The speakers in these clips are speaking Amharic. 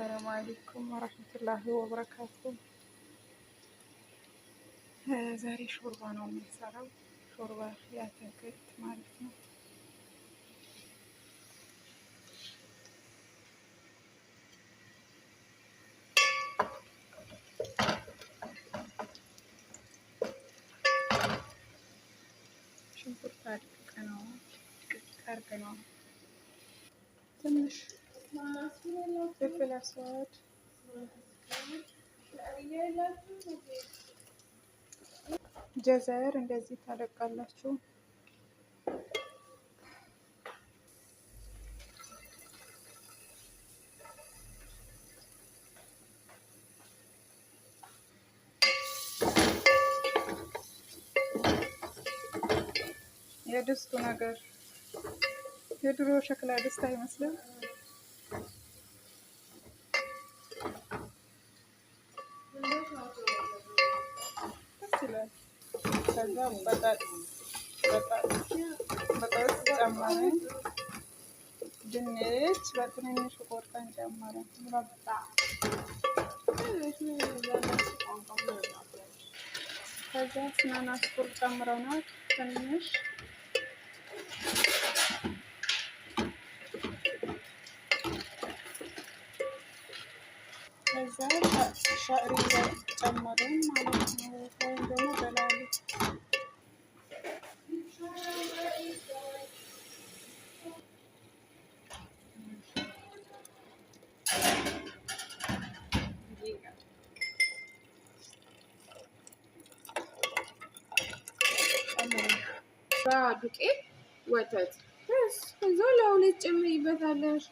አሰላሙ አለይኩም ወረህመቱላሂ ወበረካቱ። ዛሬ ሾርባ ነው የምንሰራው። ሾርባ ያተክልት ማለት ነው። ሽንኩርት አድቅቀነዋል፣ ድቅቅ አድርገነዋል ትንሽ ክፍል አስራ አንድ ጀዘር እንደዚህ ታደቃላችሁ። የድስቱ ነገር የድሮ ሸክላ ድስት አይመስልም። ድንች በትንንሹ ቆርጠን ጨመርን። ከዚያ አናናስ ቁር ጨምረናል ትንሽ ከዛም ሻዕሪ ጨመርን ማለት ነው። ወይም ደግሞ በላሉ ዱቄት ወተት ከዛ ለሁለት ጭምሪበታለሽ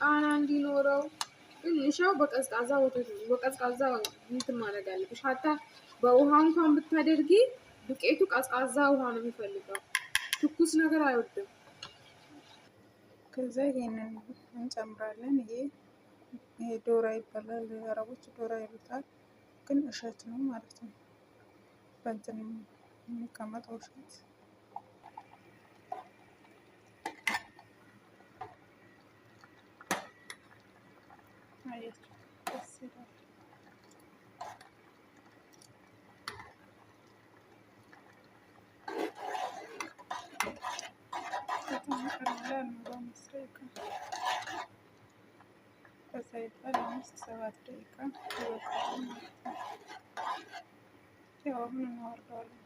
ቃና እንዲኖረው ትንሻው በቀዝቃዛ ወተት በቀዝቃዛ እንትን ማድረግ አለብሽ። ሀታ በውሃ እንኳን ብታደርጊ ዱቄቱ ቀዝቃዛ ውሃ ነው የሚፈልገው። ትኩስ ነገር አይወድም። ከዛ ይሄንን እንጨምራለን። ይሄ ይሄ ዶራ ይባላል። አረቦች ዶራ ይሉታል፣ ግን እሸት ነው ማለት ነው። በእንትን የሚቀመጠው እሸት Hayır. Mesela. ዘይባ ለአምስት ሰባት ደቂቃ ይበቃል ማለት ነው። ያው አሁን እናወርደዋለን።